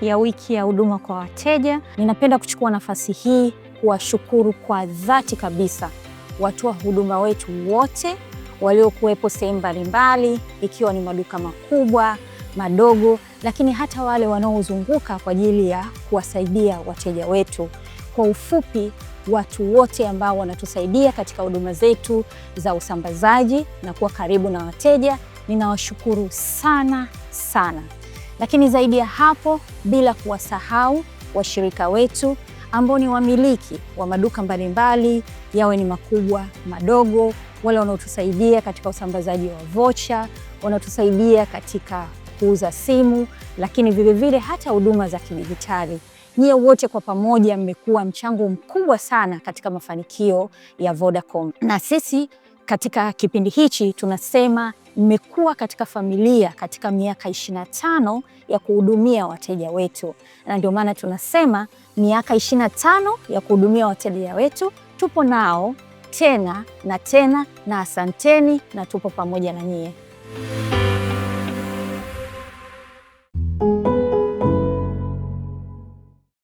hii ya wiki ya huduma kwa wateja. Ninapenda kuchukua nafasi hii kuwashukuru kwa dhati kabisa watoa huduma wetu wote waliokuwepo sehemu mbalimbali, ikiwa ni maduka makubwa, madogo, lakini hata wale wanaozunguka kwa ajili ya kuwasaidia wateja wetu. Kwa ufupi, watu wote ambao wanatusaidia katika huduma zetu za usambazaji na kuwa karibu na wateja, ninawashukuru sana sana. Lakini zaidi ya hapo, bila kuwasahau washirika wetu ambao ni wamiliki wa maduka mbalimbali, yawe ni makubwa madogo, wale wanaotusaidia katika usambazaji wa vocha, wanaotusaidia katika kuuza simu, lakini vilevile hata huduma za kidijitali. Nyie wote kwa pamoja mmekuwa mchango mkubwa sana katika mafanikio ya Vodacom, na sisi katika kipindi hichi tunasema mmekuwa katika familia katika miaka ishirini na tano ya kuhudumia wateja wetu, na ndio maana tunasema miaka ishirini na tano ya kuhudumia wateja wetu, tupo nao tena na tena, na asanteni na tupo pamoja na nyie.